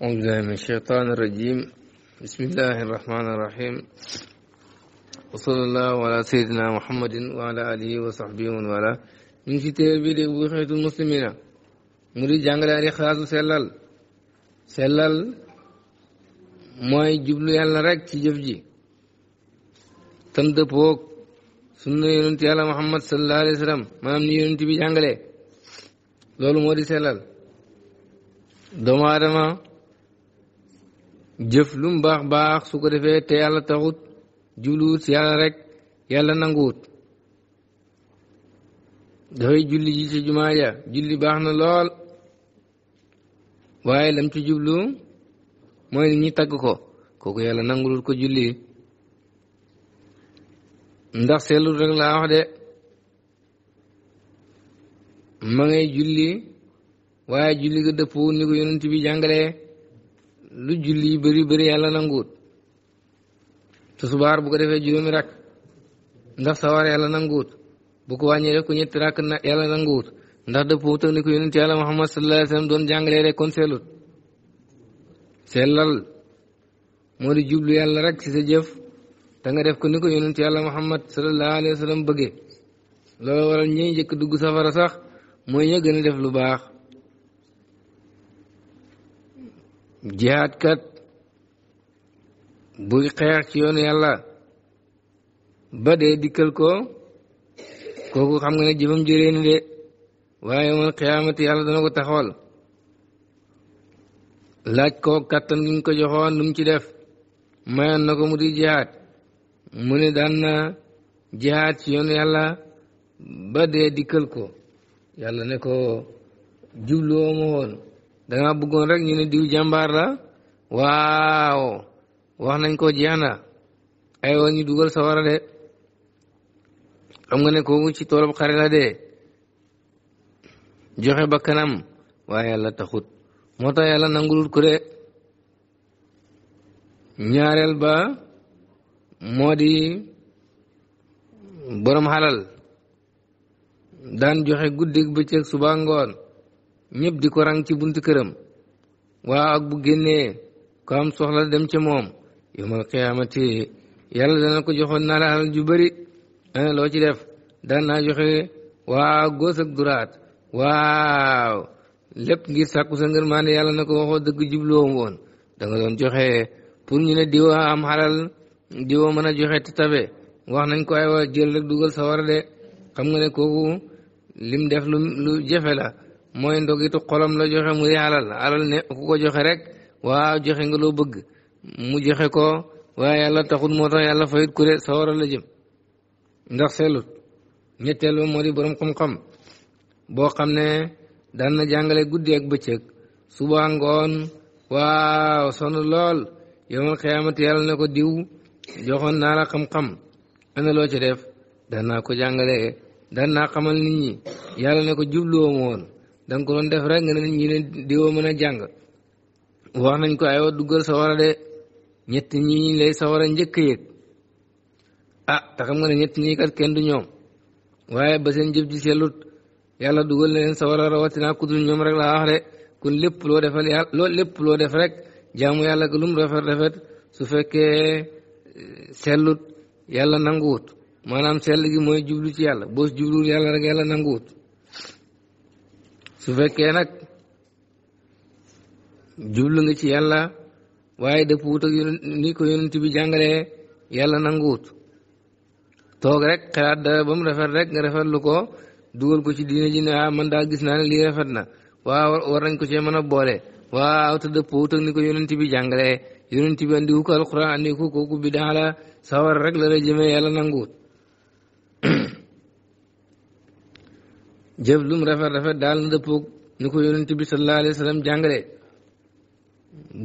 أعوذ من الشيطان الرجيم بسم الله الرحمن الرحيم وصلى الله على سيدنا محمد وعلى آله وصحبه ومن والاه من في تربية بوحية المسلمين مري جانغلا ري خلاص سلال سلال موي جبلو يالا رك تي جفجي تند بوك سنة يونتي على محمد صلى الله عليه وسلم ما نم يونتي بي جانغلا لولو موري سلال دمارما jëf lu mu baax baax su ko defee te yàlla taxut jubluwut si yàlla rek yàlla nanguwut dafay julli ji ci jumaa julli baax na lool waaye lam ci jublu mooy nit ñi tagg ko kooku yàlla nangulut ko julli ndax seetlu rek laa wax de ma julli waaye julli ga dëppoo ni ko yonent bi jàngalee lu julli bëri bëri yàlla nanguwut tusubaar bu ko defee juróomi rakk ndax sawar yàlla nanguwut bu ko wàññee rek rakk na yàlla nanguwut ndax dëppoo taw ni ko yonent yàlla doon jàngalee rek kon seelut di jublu yàlla rek ci sa jëf da nga def ko ni ko yonent yàlla Muhammad sallallahu alayhi wa bëggee loolu waral ñi njëkk dugg safara sax mooy ña gën a def lu baax jihaad kat buy xeex ci yoon yàlla ba dee dikkal ko kooku xam nga ne jëfam jëree ni de waaye man xiyaamati yàlla dana ko taxawal laaj ko kattan gi ko joxoon lu ci def mayoon na ko mu di jihaad mu ne daan na jihaad ci yoon yàlla ba dee dikkal ko yàlla ne ko jubluwoo danga bëggoon rek ñu ne diw jàmbaar la waaw wax nañ koo jeex na ay wa ñu dugal sawara de xam nga ne kooku ci toolab xare la de joxe ba kanam waaye yàlla taxut moo tax yàlla nangulul ko de ñaareel ba moo di borom xalal daan joxe guddig bëccëg suba ngoon ñëpp di ko rang ci buntu këram waaw ak bu génnee kam soxla dem ci moom yawmal qiyaamati yàlla dana ko joxoon naa la alal ju bëri loo ci def daan naa joxe waaw góos ak duraat waaw lépp ngir sàkku sa ngërmaande yàlla na ko waxoo dëgg jubluwoom woon da doon joxe pour ñu ne diwa am xalal diwa mën a joxe te tabe wax nañ ko ay wa jël rek dugal sa de xam nga ne kooku lim def lu lu jafe la mooy ndogitu xolam la joxe mu alal alal ne ku ko joxe rek waaw joxe nga loo bëgg mu joxe ko waaye yàlla taxul moo tax yàlla fayit ku de sawara la jëm ndax sellut ñetteel ba moo di borom xam-xam boo xam ne daan na jàngale guddi ak bëccëg suba ngoon waaw sonn lool yowmal xiyaamati yàlla ne ko diw joxoon naa la xam-xam ana loo ci def daan naa ko jàngale daan naa xamal nit ñi yàlla ne ko jubluwoon woon danga ko def rek nga ne ñi ne diwoo mën a jàng wax nañ koy ko aywa duggal sawara de ñett ñi lay sawara njëkk yëg ah te xam nga ne ñett ñi kat kenn du ñoom waaye ba seen jëf ji sellut yàlla dugal na leen sawara rawatina ku dul ñoom rek laa wax de kon lépp loo defal yàlla loolu lépp loo def rek jaamu yàlla ga lum rafet rafet su fekkee eh, sellut yàlla wut maanaam sell gi mooy jublu ci yàlla boo jubluwul yàlla rek yàlla nanguwut su fekkee nag jublu nga ci yàlla waaye dëpp wut ak ni ko yonent bi jàngalee yàlla nanguwut toog rek xalaat dara ba mu rafet rek nga rafetlu ko dugal ko ci diine ji ah, man daa gis naa ne lii rafet na waaw war nañ ko cee mën a boole waa te dëpp wut ni ko yonent bi jàngalee yonent bi andi wu ko alquran andi ko kooku bi daala sawar rek la la jëmee yàlla nanguwut jëf lum rafet rafet daal na dëppoog nu ko yonent bi sallallahu alayhi wa sallam jàngale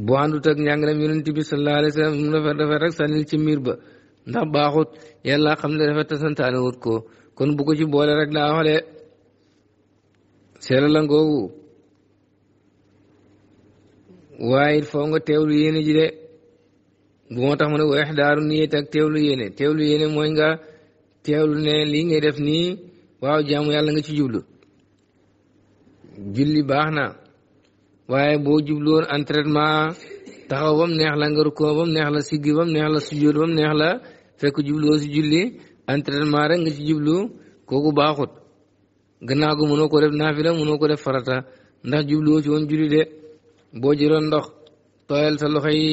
bu àndut ak njàngalem yonent bi sallallahu alayhi wa sallam lum rafet rafet rek sànnil ci miir ba ndax baaxut yàlla xam ne rafet te santaane wut ko kon bu ko ci boole rek laa waxale seela la ngoogu waaye it foo nga teewlu yéene ji de bu moo tax mu ne weex daaru niyet ak teewlu yéene teewlu yéene mooy nga teewlu ne lii ngay def nii waaw jaamu yàlla nga ci jublu julli baax na waaye boo jubloon entraînement taxaw bam neex la nga rukkoo bam neex la siggi bam neex la sujjóot bam neex la fekk jubloo si julli entraînement rek nga ci jublu kooku baaxut gannaaw gu mënoo ko def naafila mënoo ko def farata ndax jubloo ci woon julli de boo jëloon ndox tooyal sa loxo yi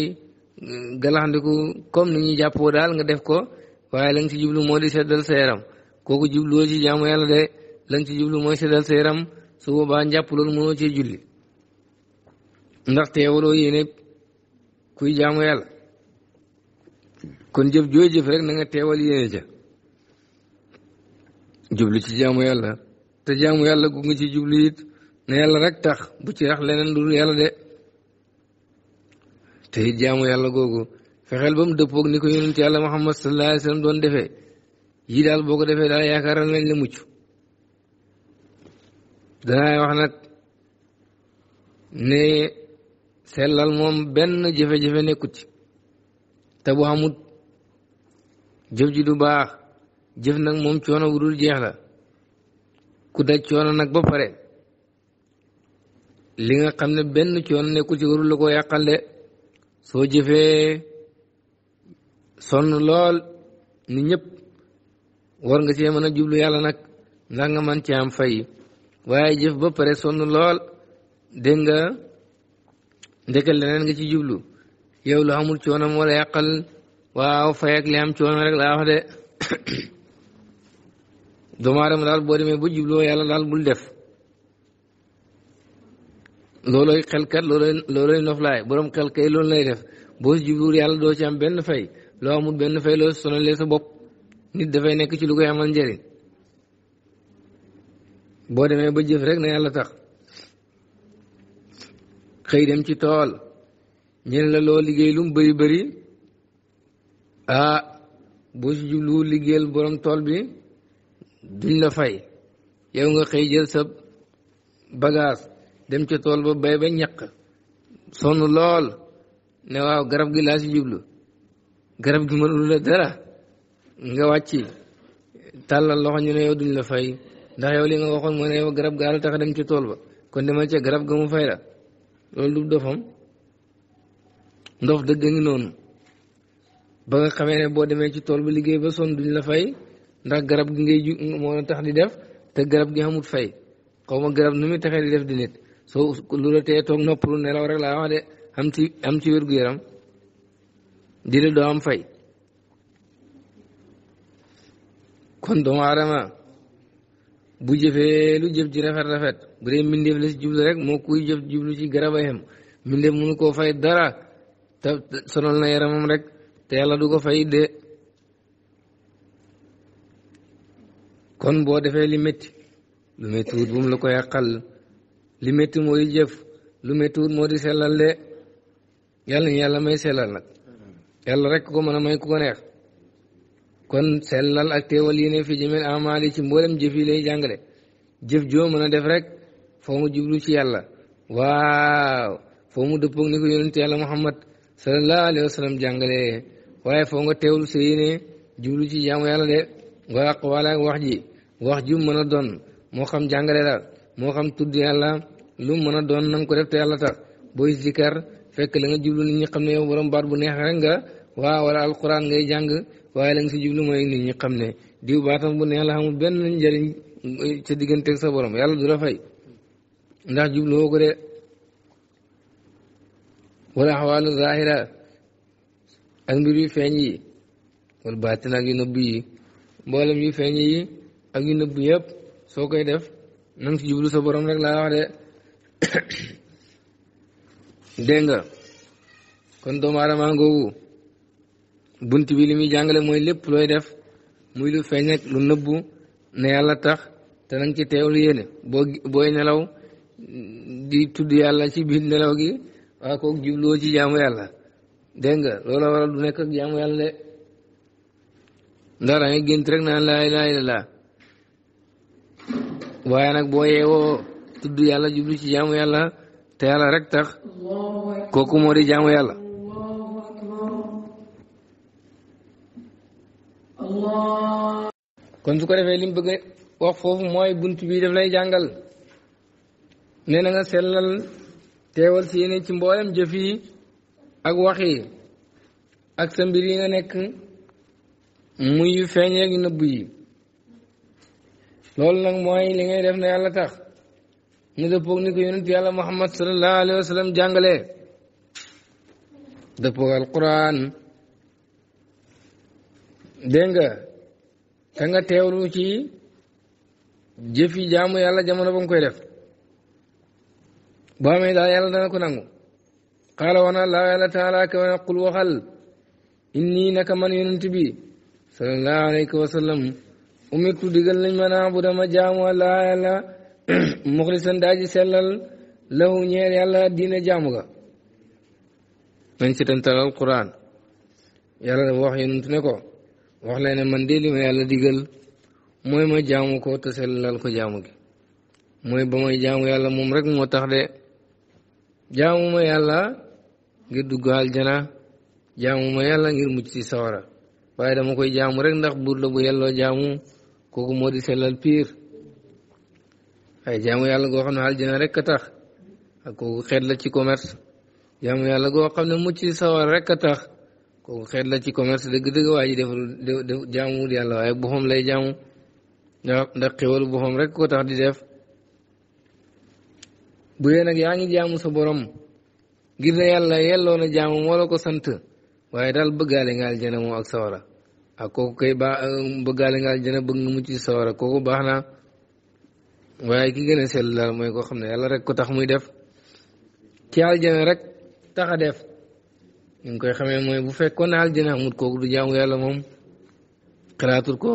galaxndiku kom nu ñuy jàppoo daal nga def ko waaye la ci jublu moo di seddal sa yaram kooku jubluwoo ci jaamu yàlla de lañ ci jublu mooy seddal sa yaram ba njàpp loolu mënoo cee julli ndax teewaloo yéene kuy jaamu yàlla kon jëf jooy jëf rek na teewal yéene ca jublu ci jaamu yàlla te jaamu yàlla gu nga bu ci rax leneen dul yàlla de googu fexeel ba mu dëppoog ni ko yonent yàlla Muhammad sallallahu alayhi doon defee yii daal boo ko defee daal yaakaaral nañ la mucc danaa wax nag ne sellal moom benn jafe-jafe nekkut ci te bu amut jëf ji du baax jëf nag moom coono bu dul jeex la ku daj coono nag ba pare li nga xam ne benn coono nekkut ci warul la ko yàqal de soo jëfee sonn lool ni ñëpp war nga cee mën a jublu yàlla nag ndax nga mën cee am fay waaye jëf ba pare sonn lool dégg nga ndekal leneen nga ci jublu yow lu amul coono moo la yàqal waaw fay ak li am coono rek laa wax de doomu aadama daal boo demee ba jubloo yàlla daal bul def loolooy xelkat loolooy loolooy noflaay borom xel kay loolu lay def boo jubluwul yàlla doo ci am benn fay loo amul benn fay loo sonalee sa bopp nit dafay nekk ci lu koy amal njëriñ boo demee ba jëf rek na yàlla tax xëy dem ci tool ñeen la loo liggéey lu mu bëri bari ah boo si jublu liggéeyal borom tool bi duñ la fay yow nga xëy jël sa bagage dem ca tool ba bay ba ñaq sonn lool ne waaw garab gi laa si jublu garab gi mënul la dara nga wàcci tàllal loxo ñu ne yow duñ la fay ndax yow li nga waxoon moo ne yow garab gaal tax dem ci tool ba kon demal ca garab ga mu fay la loolu du dofam ndof dëgg ngi noonu ba nga xamee ne boo demee ci tool ba liggéey ba sonn duñ la fay ndax garab gi ngay ju moo tax di def te garab gi amut fay xaw ma garab nu muy taxee di def di nit soo lu la tee toog noppalu nelaw rek laa wax de am ci am ci wér-gu-yaram di la doo am fay kon doomu aadama bu jëfee lu jëf ji rafet rafet bu dee mbindeef la si jublu rek moo kuy jëf jublu ci garab ayam mbindeef mënu koo fay dara te sonal na yaramam rek te yàlla du ko fay de kon boo defee li métti lu méttiwut bu mu la ko yàqal li mooy jëf lu méttiwut moo di sellal de yàlla ñu yàlla may sellal nag yàlla rek ko mën may ku ko neex kon sellal ak teewal yi ne fi jëmel amaal ci mboolem jëf yi lay jàngale jëf joo mën a def rek foo mu jublu ci yàlla waaw foo mu dëppoog ni ko yonent yàlla muhammad sallallahu alayhi wa sallam jàngale waaye foo nga teewlu sa yéene jublu ci jaamu yàlla de waa wax ji wax ju mën a doon moo xam jàngale moo xam tudd mën a doon na nga ko def te yàlla tax booy zikar la nga jublu nit xam ne yow bu neex rek ngay jàng waaye la nga si jublu mooy nit ñi xam ne diw baatam bu neex la xamul benn njëriñ ca digganteeg sa borom yàlla du la fay ndax jublu woo de wala axwaalu zahira ak mbir yu feeñ yi wala baatin ak yu nëbb yi mboolem yu feeñ yi ak nëbb yëpp soo koy def na nga si jublu sa borom rek la wax de dégg kon doomu aadama googu bunt bi li muy jàngale mooy lépp looy def muy lu feeñ ak lu nëbbu ne yàlla tax te na nga ci teewlu yéene boo nelaw di tudd yàlla ci biir nelaw gi waa kooku jubloo ci jaamu yàlla dégg nga loola waral du nekk ak jaamu yàlla de ndax ngay gént rek naan laa ilaaha illallaah waaye nag boo yeewoo tudd yàlla jublu ci jaamu yàlla te yàlla rek tax kooku moo di jaamu yàlla kon su ko defee lim mu bëgg wax foofu mooy bunt bii daf lay jàngal ne na nga sellal teewal si yéene ci mboolem jëf ak wax yi ak sa mbir yi nga nekk muy yu feeñee nëbb yi loolu nag mooy li ngay def na yàlla tax ñu dëppoog ni ko yonent yàlla muhammad sallallahu alayhi wa sallam dégg nga da nga ci jëf yi jaamu yàlla jamono ba nga koy def boo amee daal yàlla dana ko nangu xaala wax na yàlla taala wana qul waxal inni naka man yonent bi sallallahu alayhi ma naa bu dama yàlla muxlisan daa ji sellal lahu ñeel yàlla diina jaamu ga nañ si tantalal quran yàlla dafa wax yonent ne ko wax leen ne man de li ma yàlla digal mooy ma jaamu ko te sellal ko jaamu gi mooy ba may jaamu yàlla moom rek moo tax de jaamu ma yàlla ngir dugg aljana jaamu ma yàlla ngir mucc ci sawara waaye dama koy jaamu rek ndax buur la bu yelloo jaamu kooku moo di sellal piir waaye jaamu yàlla goo xam ne aljana rek a tax kooku xeet la ci commerce jaamu yàlla goo xam ne mucc ci sawara rek a tax kooku xeet la ci commerce dëgg-dëgg waa ji defaru jaamuwul yàlla waaye boppam lay jaamu waaw ndax xéwalu boppam rek koo tax di def bu dee nag yaa ngi jaamu sa borom ngir ne yàlla yelloo na jaamu moo la ko sant waaye daal bëggaale nga aljana moo ak sawara ak kooku kay baax bëggaale nga aljana bëgg waaye ki gën a sell daal mooy koo xam ne yàlla rek koo tax muy def ci aljana rek tax a def. ñu ngi koy xamee mooy bu fekkoon ne aljana amut kooku du jaamu yàlla moom xalaatul ko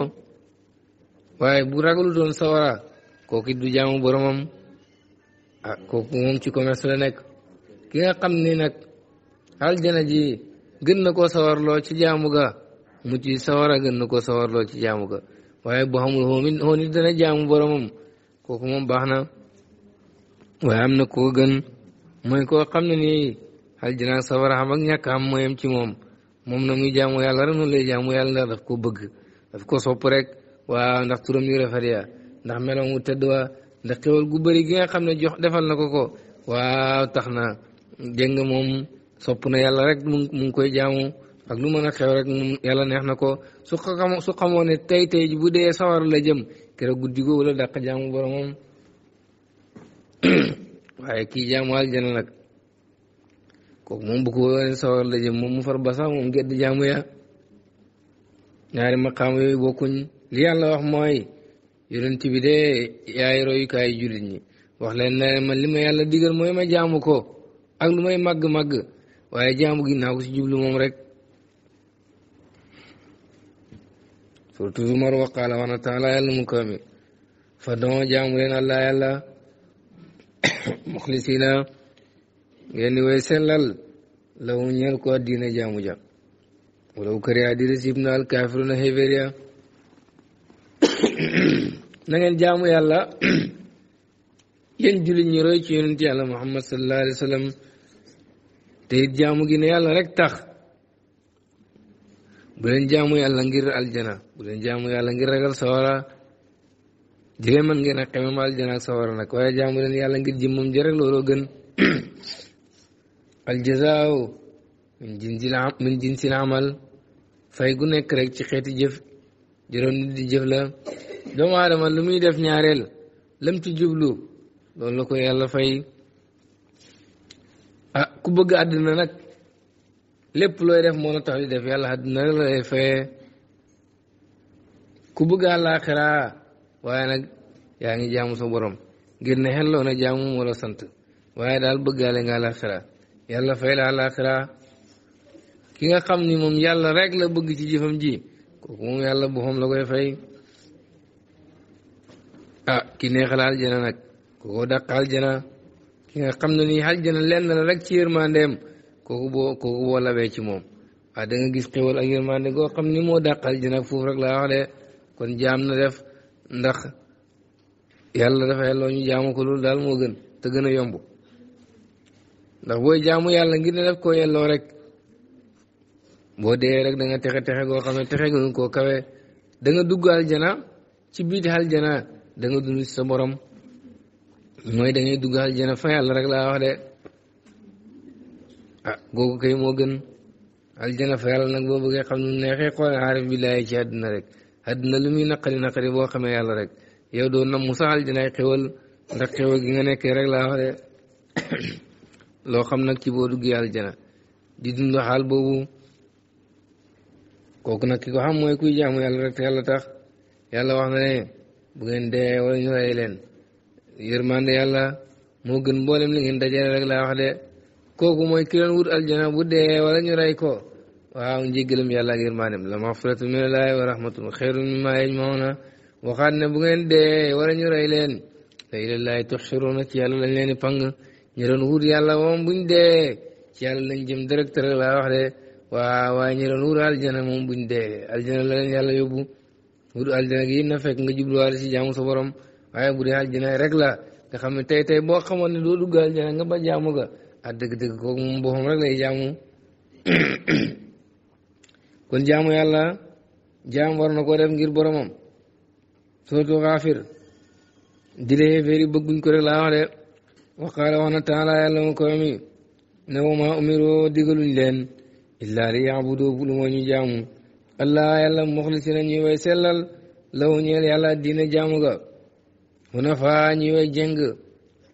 waaye bu ragalu doon sawara kooku du jaamu boromam ah kooku moom ci commerce la nekk ki nga xam ni nag aljana ji gën na koo sawarloo ci jaamu ga mu ci sawara gën na koo sawarloo ci jaamu ga waaye bu xamul xoomi dana jaamu boromam kooku moom baax na waaye am na koo gën mooy koo xam ne nii aljana safara xam ak ñàkk am mooyam ci moom moom na muy jaamu yàlla rek noonu lay jaamu yàlla ndax daf ko bëgg daf ko sopp rek waaw ndax turam ndax meloom wu tedd waa ndax xewal gu bëri gi nga xam ne jox defal na ko ko waaw tax na dégg moom sopp na yàlla rek mu koy jaamu ak lu mën a xew rek moom yàlla neex na ko su xamoo xamoo ne tey tey bu dee sawar la jëm keroog guddi googu la dàq jaamu boromam waaye kii jaamu aljana nag kooku moom bu ko wóoree sawar la jëm moom mu far basa moom gedd jaamu ya ñaari maqaam yooyu bokkuñ li yàlla wax mooy yonent bi de yaay royukaay jullit ñi wax leen ne man li yàlla digal mooy ma jaamu ko ak lu magg màgg-màgg waaye jaamu gi naa ko si jublu moom rek surtout Umar waqaala wax na taala yàlla fa don jaamu leen allah yàlla muxlisina ngeen di way sellal la mu ñeel ko diine jaamu ja wala wu kër yaa di resib na alkaafiru na xéeféer ya na jaamu yàlla yéen jullit ñi roy ci yonent yàlla muhammad sallallahu alayhi wa jaamu gi ne yàlla rek tax bu jaamu yàlla ngir aljana bu leen jaamu yàlla ngir ragal sawara jëlee man ngeen a xemam aljana sawara nag waaye jaamu leen ngir jëmmam ji looloo gën aljazaaw min jinsil min jinsil amal fay gu nekk rek ci xeeti jëf juróom nit di jëf la doomu aadama lu muy def ñaareel lam ci jublu loolu la ko yàlla fay ah ku bëgg àddina nag lépp looy def moo la tax di def yàlla àddina rek lay fayee ku bëgg àllaaxira waaye nag yaa ngi jaamu sa borom ngir ne xel loo na jaamu moo la waaye daal bëggaale nga àllaaxira yàlla fay la àllaaxira ki nga xam ni moom yàlla rek la bëgg ci jëfam ji kooku moom yàlla boppam la koy fay ah ki neexal aljana nag kooku dàq aljana ki nga xam ne nii aljana lenn la rek ci yërmandeem kooku boo kooku boo labee ci moom waaw ah, da nga gis xéwal ak yërmande goo xam ni moo dàq aljana foofu rek laa wax de kon jaam na def ndax yàlla dafa yelloo ñu jaamu ko loolu daal moo gën te gën a yomb ndax booy jaamu yàlla ngir ne def koo yelloo rek boo texe texe goo xam ne texe goo koo kawe danga nga dugg aljana ci biir aljana da nga dund ci sa borom mooy da ngay dugg aljana fa yàlla rek laa wax de ah googu kay moo gën aljana fa yàlla nag boo bëggee xam ne neexee xool aarif billaahi ci àdduna rek àdduna lu muy naqari naqari boo xamee yàlla rek yow doo nam mu sax aljanaay ndax xéwal gi nga nekkee rek laa wax de loo xam nag ci boo duggee aljana di dund xaal boobu kooku nag ki ko xam mooy kuy jaamu yàlla rek te tax yàlla wax na ne bu ngeen dee wala ñu rey leen yërmande yàlla moo gën mboolem li ngeen dajale rek laa wax de kooku mooy ki doon wut aljana bu dee wala ñu rey ko waaw njéggalam yàlla ak yërmandem la mafratu minallaahi wa rahmatun xeyrun mimmaa yajmauna waxaat ne bu ngeen dee wala ñu rey leen la ilallaahi tuxsharuuna ci yàlla leen di pang ñu doon wut yàlla moom buñ dee ci yàlla lañ jëm directeur laa wax de waaw waaye ñu doon wut aljana moom buñ dee aljana la leen yàlla yóbbu wut aljana gi na fekk nga jubluwaale si jaamu sa borom waaye bu aljana rek la nga xam ne tey tey boo xamoon ne doo dugg aljana nga ba jaamu ga ah dëgg-dëgg kooku moom boppam rek lay jaamu kon jaamu yàlla jaam war na koo def ngir boromam surtout xaafir di lee féeri bëgguñ ko rek wax de waqaala wax na taala yàlla ma koy mi ne wama umiroo digaluñ leen illaa li yaabudu lu moo ñu jaamu allah yàlla muxlisina ñuy way sellal law ñeel yàlla diina jaamu ga hunafa ñuy way jëng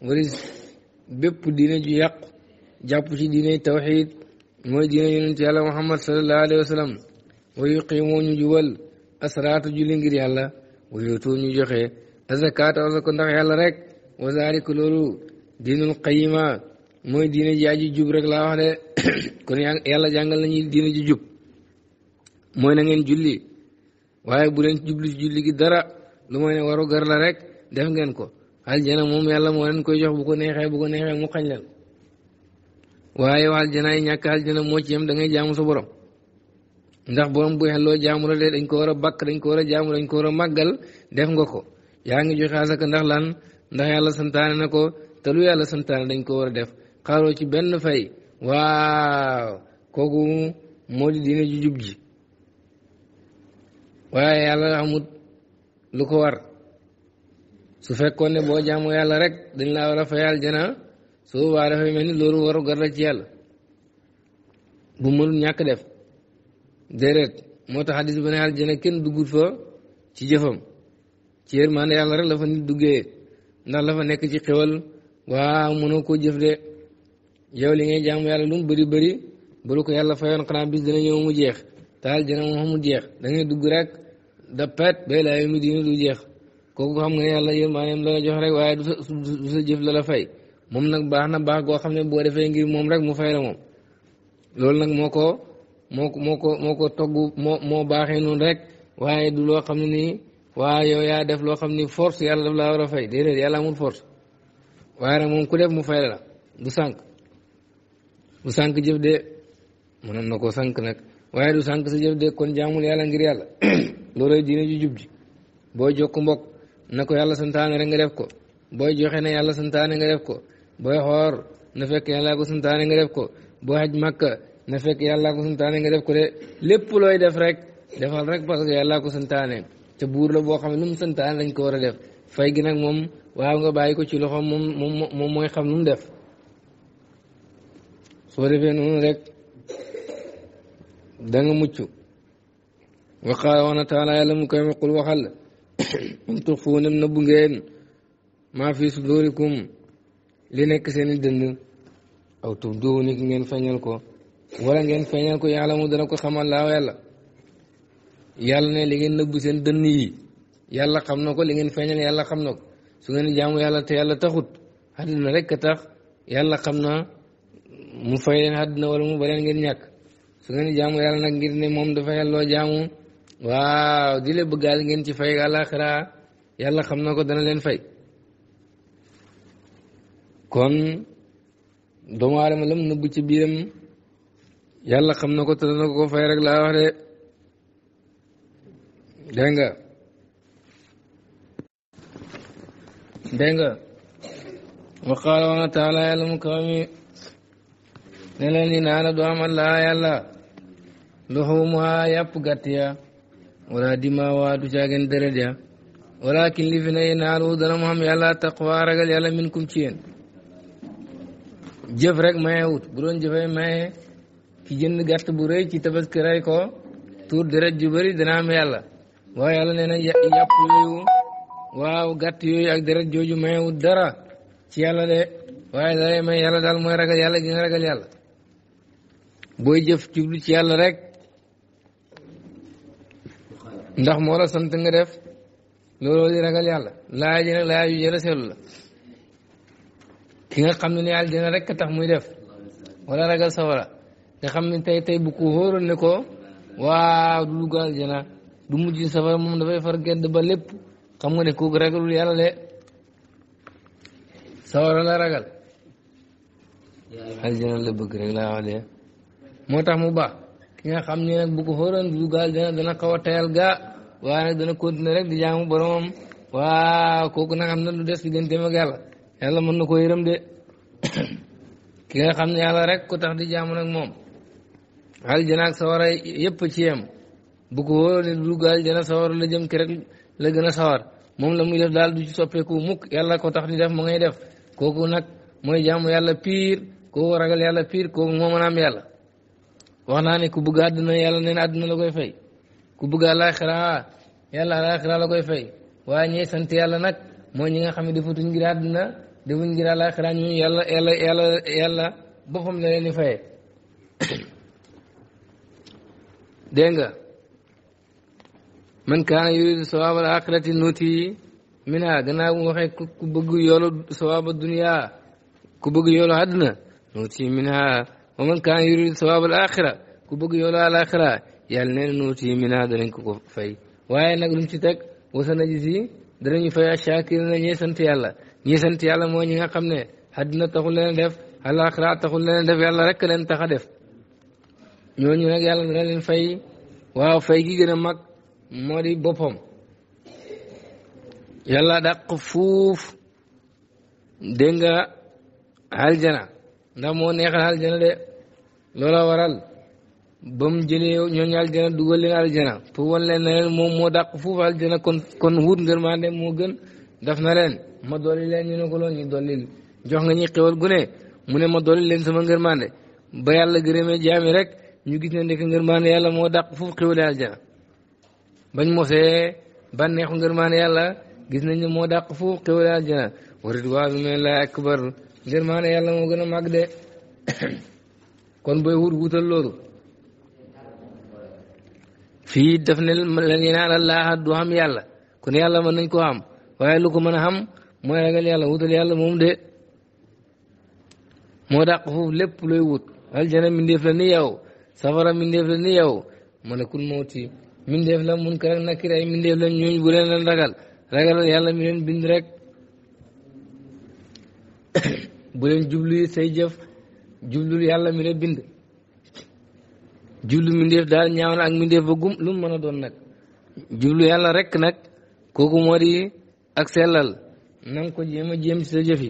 waris bépp diina ju yàqu jàpp ci diinay tawxid mooy diina yonent yàlla muhammad salallahu alayhi wa sallam wa yuqimoo ñu juwal asraatu julli yàlla wa yootoo ñu joxe azakaata asa ko ndax yàlla rek wa zaalik loolu diinul qayima mooy diine ji aji jub rek laa wax de kon yàlla jàngal nañu diine ji jub mooy na ngeen julli waaye bu leen jublu ci julli gi dara lu mooy ne waru gar la rek def ngeen ko aljana moom yàlla moo leen koy jox bu ko neexee bu ko neexee mu xañ leen waaye yow aljana yi ñàkk aljana moo ci yem da ngay jaamu sa borom ndax borom bu xelloo jaamu la de dañ ko war a bakk dañ ko war a jaamu dañ ko war a màggal def nga ko yaa ngi joxe asaka ndax lan ndax yàlla santaane ko te lu yàlla santaane dañ ko war a def xaaroo ci benn fay waaw kooku moo di diine ju jub ji waaye yàlla amut lu ko war su fekkoon ne boo jaamu yàlla rek dañ laa war a fayal jana su boobaa dafay mel ni loolu waru gar la ci yàlla bu mënul ñàkk def déedéet moo tax hadis ba ne aljana kenn duggut fa ci jëfam ci yërmande yàlla rek la fa nit duggee ndax la fa nekk ci xewal waaw mënoo koo jëf de yow li ngay jaamu yàlla lu mu bëri bëri bu la ko yàlla fayoon xanaa bis dana ñëw mu jeex taal dina mu xamul jeex da ngay dugg rek da pet bay laa mi dina du jeex kooku xam nga ne yàlla yéen maanaam la jox rek waaye du la la fay moom nag baax baax goo xam ne boo defee ngir moom rek mu fay la nag moo ko moo ko ko moo ko togg moo moo baaxee noonu rek waaye du loo xam ne nii waa yaa def loo xam ni force yàlla a fay déedéet yàlla force waaye nag moom ku def mu fay la du sànq du sànq jëf de mënoon na koo sànq nag waaye du sanq sa jëf de kon jaamul yàlla ngir yàlla loolooy diine ju jub boo booy jokk mbokk na ko yàlla santaane rek nga def ko booy joxe ne yàlla santaane nga def ko booy xoor na fekk yàlla ko santaane nga def ko booy xaj màkka na fekk yàlla ko santaane nga def ko de lépp looy def rek defal rek parce que yàlla ko santaane te buur la boo xam ne lu mu ko war a def fay gi nag moom waaw nga bàyyi ko ci loxoom moom moom mooy xam nu mu def soo defee noonu rek da nga mucc wa qaala wax na taala mu koy waxul waxal um tux fuu nem na bu ngeen maa fi sudurikum li nekk seeni dënd aw tub duwu ni ngeen feeñal ko wala ngeen feeñal ko yàlla mu dana ko xam laaw yàlla yàlla ne li ngeen nëbb seen dënn yi yàlla xam na ko li ngeen feeñal yàlla xam na ko su ngeen jaamu yàlla te yàlla taxut àddina rek tax yàlla xam na mu fay leen àddina wala mu ba leen ngeen ñàkk su ngeen jaamu yàlla nag ngir ne moom dafa yàlloo jaamu waaw di le bëggaal ngeen ci fay àllaaxira yàlla xam na ko dana leen fay kon doomu aadama lam nëbb ci biiram yàlla xam na ko te dana ko fay rek laa wax de dégg dégg nga wa qaala wax na taala yàlla mu kaw mi ne leen ni naana du amal laa yàlla luxumuha du caageen deret ya walakin li fi ne naalu dana mu xam yàlla taqwa ragal yàlla min kum ci yéen jëf rek maye wut bu doon maye ki jënd gàtt rëy ci tabaski ray ko tuur deret ju bëri dana am yàlla waaye yàlla nee na waaw gàtt yooyu ak deret jooju mayewu dara ci yàlla de waaye day may yàlla daal mooy ragal yàlla gi ragal yàlla booy jëf jublu ci yàlla rek ndax moo la sant nga def looloo di ragal yàlla laaj nag laaj yu jëla seetlu la ki nga xam ne ne aljana rek tax muy def wala ragal sawara nga xam ne tey tey bu ko wóoroon ne ko waaw du dugg aljana du mujj safara moom dafay far gedd ba lépp xam nga ne kooku ragalul yàlla de sawara la ragal aljana la bëgg rek laa de moo tax mu ba ki nga xam ne nag bu du dugg dana xaw a tayal gaa waaye nag dana continuer rek di jaamu boromam waaw kooku nag xam na lu des digganteem ak yàlla yàlla mën na ko yërëm de ki nga xam ne yàlla rek ko tax di jaamu nag moom aljana ak sawara yëpp ci yem bu ko xóoroon ne du dugg aljana sawara la jëm ki rek la gën a sawar moom la muy def daal du ci soppeeku mukk yàlla ko tax di def mu ngay def kooku nag mooy jàmm yàlla piir kooku ragal yàlla piir kooku moo mën yàlla wax naa ne ku bëgg àdduna yàlla nee na la koy fay ku bëgg àllaaxira yàlla àllaaxira la koy fay waaye ñiy sant yàlla nag mooy ñi nga xam ne defatuñ ngir àdduna yàlla yàlla yàlla yàlla boppam la leen di fayee dégg man kaana yuridu sawaaba al axirati nuuti minha gannaaw mu waxee ku bëgg yoolu sawaaba dunia ku bëgg yoolu àdduna nuuti minha wa man kaana yuridu sawaaba al axira ku bëgg yoolu al axira yàlla nee na nuuti minha danañ ko ko fay waaye nag lu mu ci teg sa na si danañu fay achaakirina ñee sant yàlla ñee sant yàlla mooy ñi nga xam ne àdduna taxul leen def alaxira taxul leen def yàlla rek leen tax a def ñooñu nag yàlla dana leen fay waaw fay gi moo di boppam yàlla dàq fuuf dégg aljana ndax moo neexal aljana de loola waral ba mu jëlee ñooñu aljana dugal leen aljana pour wan leen na leen moo dàq fuuf aljana kon kon wut ngër moo gën daf na leen ma dolli leen ñu ne ko loolu ñu dollil jox nga ñuy xewal gu mu ne ma dolli leen sama ngërmande ba yàlla gërëmee jaami rek ñu gis ne ndek ngërmande yàlla moo dàq foofu xewale aljana bañ mosee bànneexu ngërmaane yàlla gis nañ ne moo dàq foofu xéwale aljana wa ridwaanu minallahi akbar ngërmaane yàlla moo gën a màgg de kon booy wut wutal loolu fii def ne lan yenaan allaha du xam yàlla kon yàlla mën nañ koo xam waaye lu ko mën a xam mooy ragal yàlla wutal yàlla moom de moo dàq foofu lépp looy wut aljana mindeef la ni safara mindeef la ni yow malakul mawti mindeef la munkar ak nakir ay mindeef la ñooñ bu ragal ragalal yàlla mi bind rek bu leen jublu say jëf jublul yàlla mi bind jublu mindeef daal ñaaw na ak mindeef ba gum lu mu mën doon nag jublu yàlla rek nag kooku moo di ak sellal na ko jéem a jéem ci sa jëf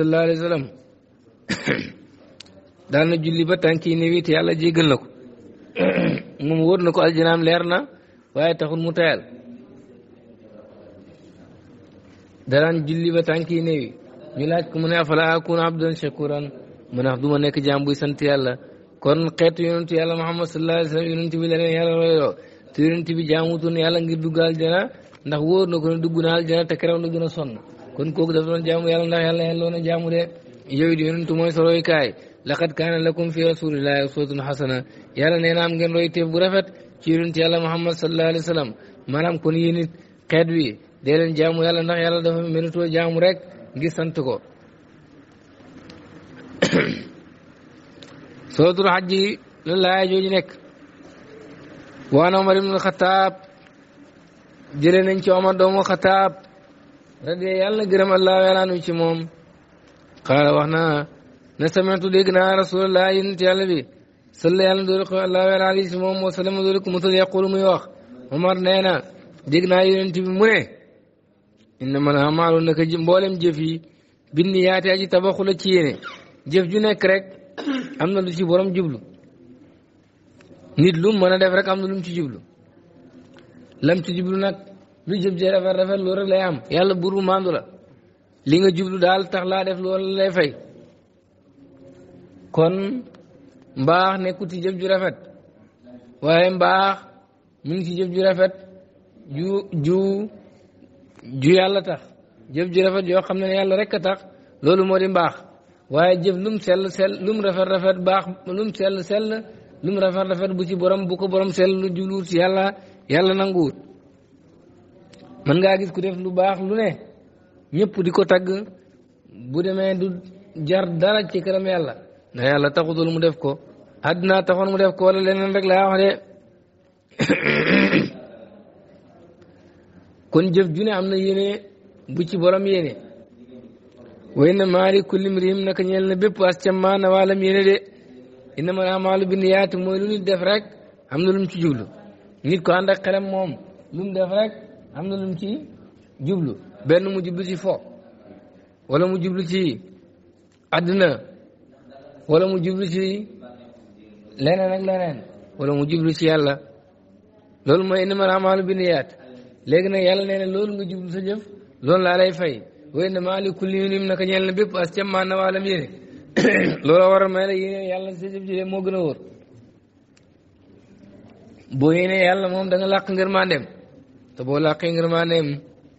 alayhi wa daan na julli ba tànk yi néew te yàlla jéggal na ko moom wóor na ko aljanaam leer na waaye taxul mu tayal daan julli ba tànk yi néew ñu laaj ko mu ne afala akun abdan shakuran mu ne ah, du ma nekk jaam buy sant yàlla kon xeetu yonentu yàlla Muhammad sallallahu alayhi wa sallam yonent bi la leen yàlla royoo te yonent bi jaamutoon yàlla ngir dugg aljana ndax wóor na ne dugg na aljana te keroog la gën kon kooku dafa doon jaamu yàlla ndax yàlla yàlla loo na jaamu de laqad kaana lakum fi rasulillahi uswatun xasana yàlla nee na am ngeen roy téef bu rafet ci yonent yàlla muhammad sallallahu alayhi wa sallam maanaam kon yéen it xeet wi dee leen jaamu yàlla ndax yàlla dafa méritoo jaamu rek ngir sant ko suratul xaj ji la laaya jooju nekk waan omar ibnul xataab jële nañ ci omar doomu xataab radiya yàlla na gërëm allahu yàlla anu ci moom xaala wax na ne samitu dégg naa rasulallah yonent yàlla bi salla yàlla doolu ko allahu ala ali si moom wa salama doolu ko musal yaqulu muy wax Omar nee na dégg naa yonent bi mu ne innamal a'maalu naka mboolem jëf yi bindi yaate aji tabaxu la ci yéene jëf ju nekk rek am na lu ci borom jublu nit lu mën a def rek am na lu mu ci jublu lam ci jublu nag lu jëf ji rafet rafet loolu rek lay am yàlla buur bu màndu la li nga jublu daal tax laa def loolu lay fay kon mbax nekuti ci jëf ju rafet waye mbax mu ngi ci jëf ju rafet ju ju ju yalla tax jëf ju rafet yo xamna yalla rek tax lolu modi di waye jëf lum sel sel lum rafet rafet bax lum sel sel lum rafet rafet bu ci borom bu ko borom sel lu julur ci yalla yalla nangul man nga gis ku def lu bax lu ne ñepp di tag bu demé du jar dara ci kërëm yalla na yàlla taxutul mu def ko àddina taxoon mu def ko wala leneen rek laa wax de kon jëf ju am na yéene bu ci borom yéene way na maari kulli mriim naka ñeel na bépp as ca maa na waalam yéene de innamal amaalu binniyaati mooy lu nit def rek am na lum ci jublu nit ko ànd ak moom lu def rek am na lum ci jublu benn mu jublu ci fo wala mu jublu ci àddina wala mu jublu ci leneen ak leneen wala mu jublu ci yàlla loolu mooy innamal a'maalu binniyaat léegi nag yàlla nee na loolu nga jublu sa jëf loolu laa lay fay waaye innamaa li kulli imri'in naka ñeel na bépp as cam maa nawaa lam yéene looloo waral may la yéene yàlla sa moo gën a wóor boo yéene yàlla moom da nga làq ngërmaandeem te boo làqee ngërmaandeem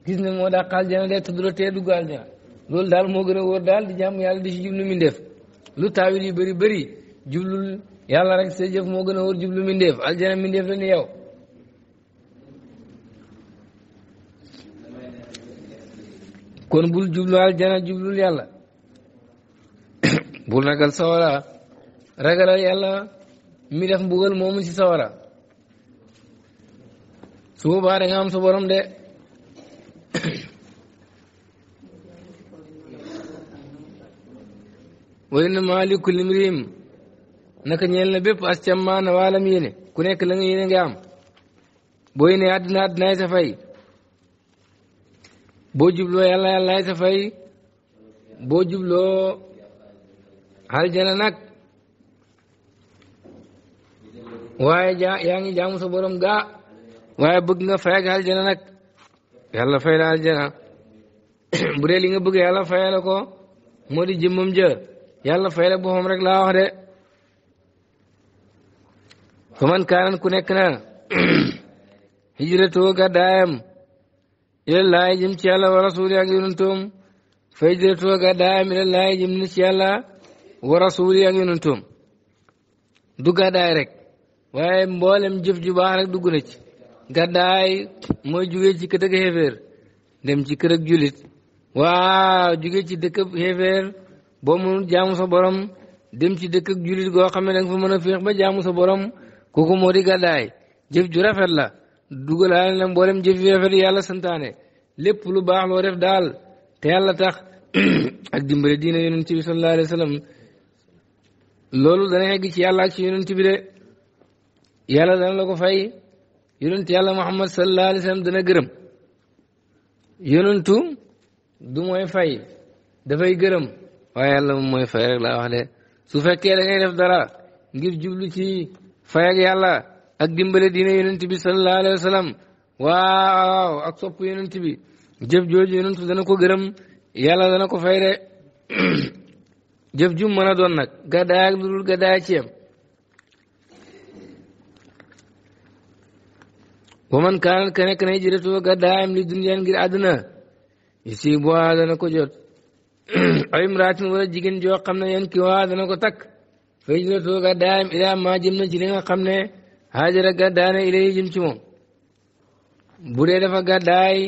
gis ne moo daa xaal jana de te du la tee dugg aljana loolu daal moo gën a wóor daal di jàmm yàlla di si jublu lu taawil yu bëri bëri jublul yàlla rek sa jëf moo gën a wóor jublu mindeef aljana mindeef la ni yow kon bul jublu aljana jublul yàlla bul ragal sawara ragalal yàlla mi def moomu ci sawara su boobaa da am sa borom de wa innama li kulli naka ñeel na bépp as maa na waalam yéene ku nekk la nga yéene nga am boo yéene àddina àddinaay sa fay boo jubloo yàlla yàllaay sa fay boo jubloo aljana nag waaye ja yaa ngi jaamu sa borom gaa waaye bëgg nga fay ak aljana nag fay la aljana bu li nga bëgg yàlla fayal ko moo di jëmmam jër yàlla fay la boppam rek laa wax de fa man kaanan ku nekk na hijratoo gàddaayam ilallaahi jëm ci yàlla wa rasuuli ak yonantoom fa hijratoo gàddaayam ilallaahi jëm ni ci yàlla wa rasuuli ak yonantoom du gàddaay rek waaye mboolem jëf ju baax rek dugg na ci gàddaay mooy jugee ci kër ak xeefeer dem ci kër julit waaw jugee ci dëkk ak boo mënul jaamu sa borom dem ci dëkk ak jullit goo xam ne da nga fa mën a féex ba jaamu sa borom kooku moo di gàddaay jëf ju rafet la dugalaale na mboolem jëf ju rafet yàlla santaane lépp lu baax loo daal te yàlla tax ak dimbale diina yonent bi sallallahu alayhi wa sallam loolu dana egg ci yàlla ak ci yonent bi de yàlla dana la ko fay yonent yàlla muhammad sallallahu alayhi wa sallam dana gërëm yonentu du mooy fay dafay gërëm waaye yàlla moom mooy fay laa wax de su fekkee da ngay ci ak yàlla ak dimbale diine yonent bi sallallahu alayhi wa sallam waaw ak sopp yonent bi jëf jooju yonent dana ko gërëm yàlla dana ko fay de jëf ju a doon nag gàddaay ak lu dul gàddaay ci wa man kaanat ka nekk na hijratu gàddaayam li duniyaan ngir àdduna si boo dana ko jot aw imraatin wala jigéen joo xam ne yan kii waa ko tak fay jula too ga daayam na ci li nga xam ne haajara gàddaana ilay jëm ci moom bu dee dafa gàddaay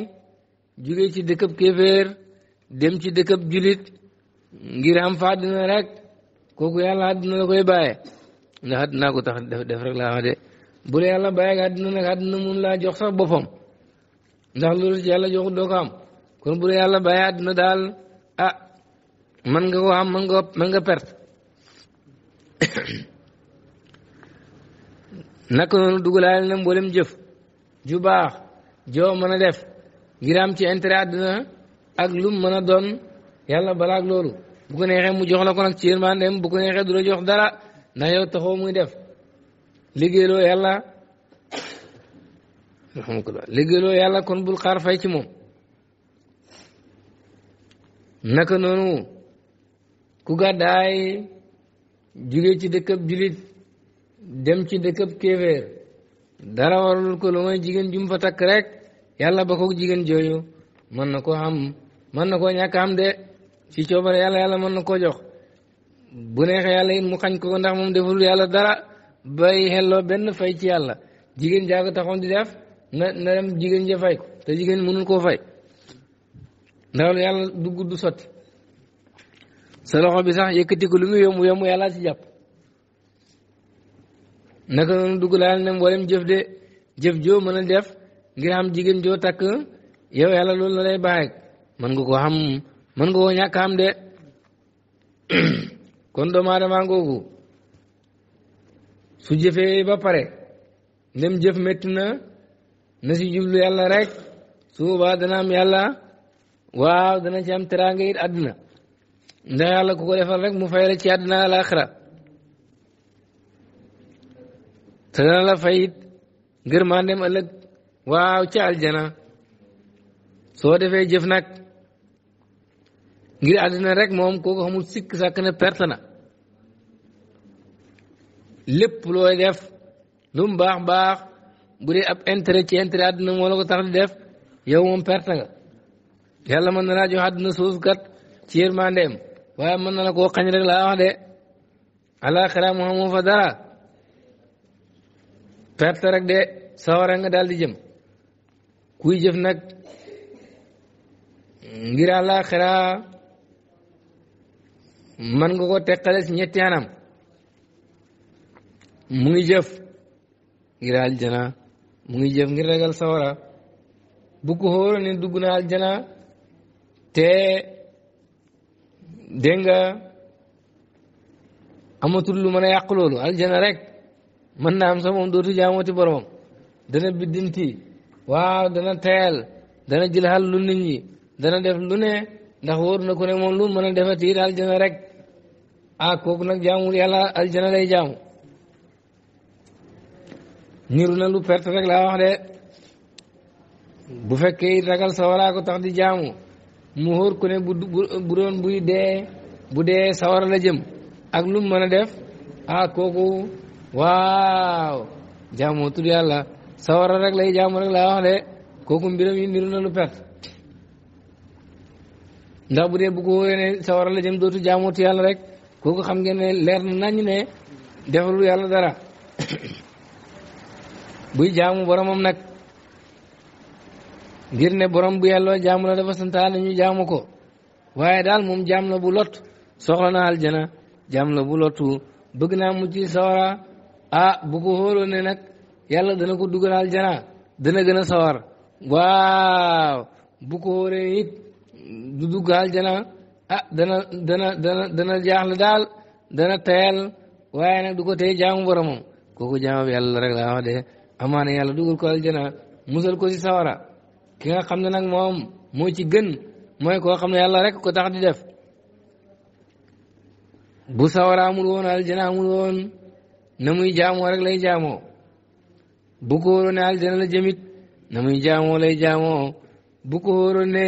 jóge ci dëkkab kéeféer dem ci dëkkab julit ngir am fa dina rek kooku yàlla dina la koy bàyyee ndax àddina ko tax def rek laa wax de bu la yàlla bàyyee ak àddina nag mun laa jox sax boppam ndax loolu ci yàlla joxut doo ko kon bu la yàlla bàyyee àddina daal ah mën nga ko am mën nga mën nga perte naka noonu dugalaale na mboolem jëf ju baax joo mën a def ngir am ci intérêt àddina ak lum mën a doon yàlla balaak loolu bu neexee mu jox la ko nag ci yërmandeem bu ko neexee du jox dara na yow taxoo muy def liggéeyloo yàlla alhamdulilah liggéeyloo kon bul xaar fay ci moom naka noonu ku gàddaay jóge ci dëkkab julit dem ci dëkkab kéeféer dara warul ko lu may jigéen jum fa takk rek yàlla ba ko jigéen jooyu mën na koo xam mën na koo ñàkk xam de ci coobare yàlla yàlla mën na koo jox bu neexee yàlla it mu xañ ko ndax moom deful yàlla dara bay xelloo benn fay ci yàlla jigéen jaa taxoon di def na na dem jigéen ja fay ko te jigéen mënul koo fay ndax lu yàlla du sotti sa loxo bi sax yëkkati mu yomb yomb yàllaa ci jàpp naka noonu dugg laal ne mboolem jëf de jëf joo mën a def ngir am jigéen joo takk yow yàlla loolu la lay baaxee mën nga ko xam mën nga koo ñàkk xam de kon doomu aadama ngoogu su jëfee ba pare ndem jëf métti na na si jublu yàlla rek su boobaa dana am yàlla waaw dana ci am teraanga it àddina nda yàlla ku ko defal rek mu fay la ci àddina alaaxira te dana la fayit ngir maa dem ëllëg waaw ci aljana soo defee jëf nag ngir àddina rek moom kooku xamul sikk sàkk na perte na lépp looy def lu baax baax bu dee ab intérêt ci intérêt àddina moo la tax di def yow moom perte nga yàlla mën na laa jox àddina suuf kat ci yërmandeem waaye mën na la koo xañ rek laa wax de alaxira mu xamoo fa dara perte rek de sawara nga daal di jëm kuy jëf nag ngir alaxira man nga ko teqale si ñetti anam mu ngi jëf ngir aljana mu ngi jëf ngir ragal sawara bu ko xóoroon dugg na aljana te dégg nga amatul lu mën a yàq loolu rek mën naa am sax moom dootu jaamooti boromam dana biddinti waaw dana teel dana jël xal lu nit ñi dana def lu ne ndax woor na ko ne moom lu mën a defati it aljana rek ah kooku nag jaamul yàlla aljana lay jaamu niru na lu perte rek laa wax de bu fekkee ragal sa waraa tax di jaamu mu wóor ku ne bu bu doon buy dee bu dee sawara la jëm ak lu mu mën a def ah kooku waaw jaamoo tudd yàlla sawara rek lay jaamu rek laa wax de kooku mbiram yi mbiru na lu perte ndax bu dee bu ko wóoree la jëm dootu jaamooti yàlla rek kooku xam ngeen leer na nañu ne defalu yàlla dara buy jaamu boromam nag ngir ne borom bu yelloo jaamu la dafa santaane ñu jaamu ko waaye daal moom jaam la bu lot soxla na aljana jaam la bu lotu bëgg naa mu ci sawara ah bu ko ne nag yàlla dana ko dugal aljana dana gën a sawar waaw bu ko xóoree it du dugg ah, daal dana tayal waaye nag du ko tey jaamu boromam kooku jaamu yàlla rek laa wax de amaana yàlla dugal ko aljana musal ko ci sawara ki nga xam ne nag moom moo ci gën mooy koo xam ne yàlla rek ko tax di def bu sawara amul aljana amul woon na muy jaamoo rek lay jaamoo bu ko ne aljana la jëmit na muy lay jaamoo bu ko ne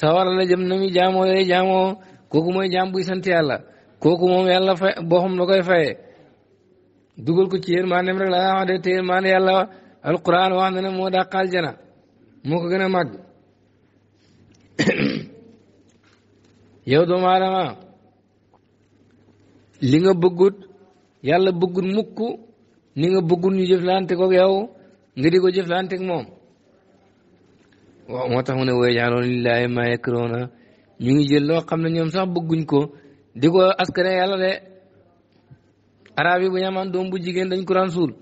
sawara la jëm na muy jaamoo lay jaamoo kooku mooy jaam buy sant yàlla kooku moom yàlla fay boxam la faye dugal ko ci yéen maa nem rek la wax de te yéen maa ne yàlla alquran wax na moo dàq aljana moo ko gën a màgg yow doomu aadama li nga bëggut yàlla bëggut mukk ni bëggut ñu jëflante ko yow nga di ko jëflante moom waaw moo tax mu ne woy jaaloon lillaahi maa ñu ngi jël loo xam ne ñoom sax bëgguñ ko di ko askane yàlla de arab bu ñu doom bu jigéen dañ ko daan suul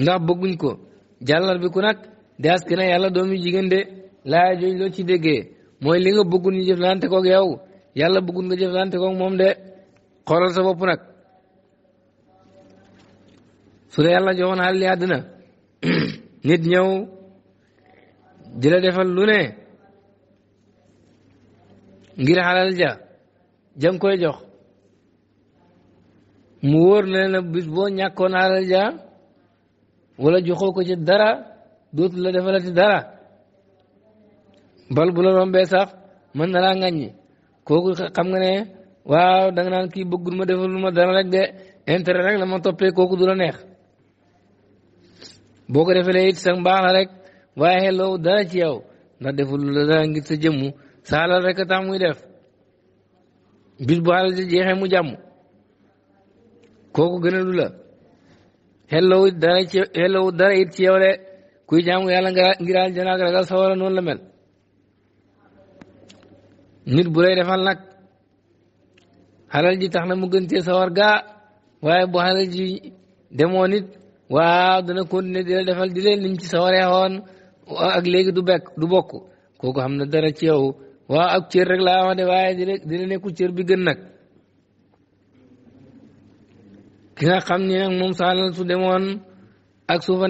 ndax bëgguñ ko jàllar bi ku nag di askan yàlla doom yu jigéen de laa jooju loo ci déggee mooy li nga bëggul ñu jëflante kook yow yàlla bëggul nga jëflante koog moom de xoolal sa bopp nag su dee yàlla joxoon xal li àddina nit ñëw di defal lu ne ngir xalal ja jam koy jox mu wóor na bis boo ñàkkoon xalal ja wala joxoo ko ci dara dootu la defalati dara bal bu la rombee sax mën na laa ŋaññi kooku xam nga ne waaw da nga naan kii bëggul ma defalul ma dara rek de intérêt rek la ma toppee kooku du la neex boo ko defalee it sax mbaax rek waaye xelloo dara ci yow ndax defalul la dara ngir sa jëmmu sa alal rek a tax muy def bis bu alal ji jeexee mu jàmm kooku gënalu la xelloo dara ci dara it ci yow kuy jaamu yàlla ngir aljana ak sawara noonu la mel nit bu lay defal nag xalal ji tax na mu gën cee sawar gaa waaye bu xalal ji demoo nit dana continuer di la defal di leen niñ ci sawaree ak léegi du bekk du bokk kooku xam na dara ci yow waaw ak cër rek laa wax de nekku cër bi gën nag ki nga xam ni nag moom saalal su demoon ak su fa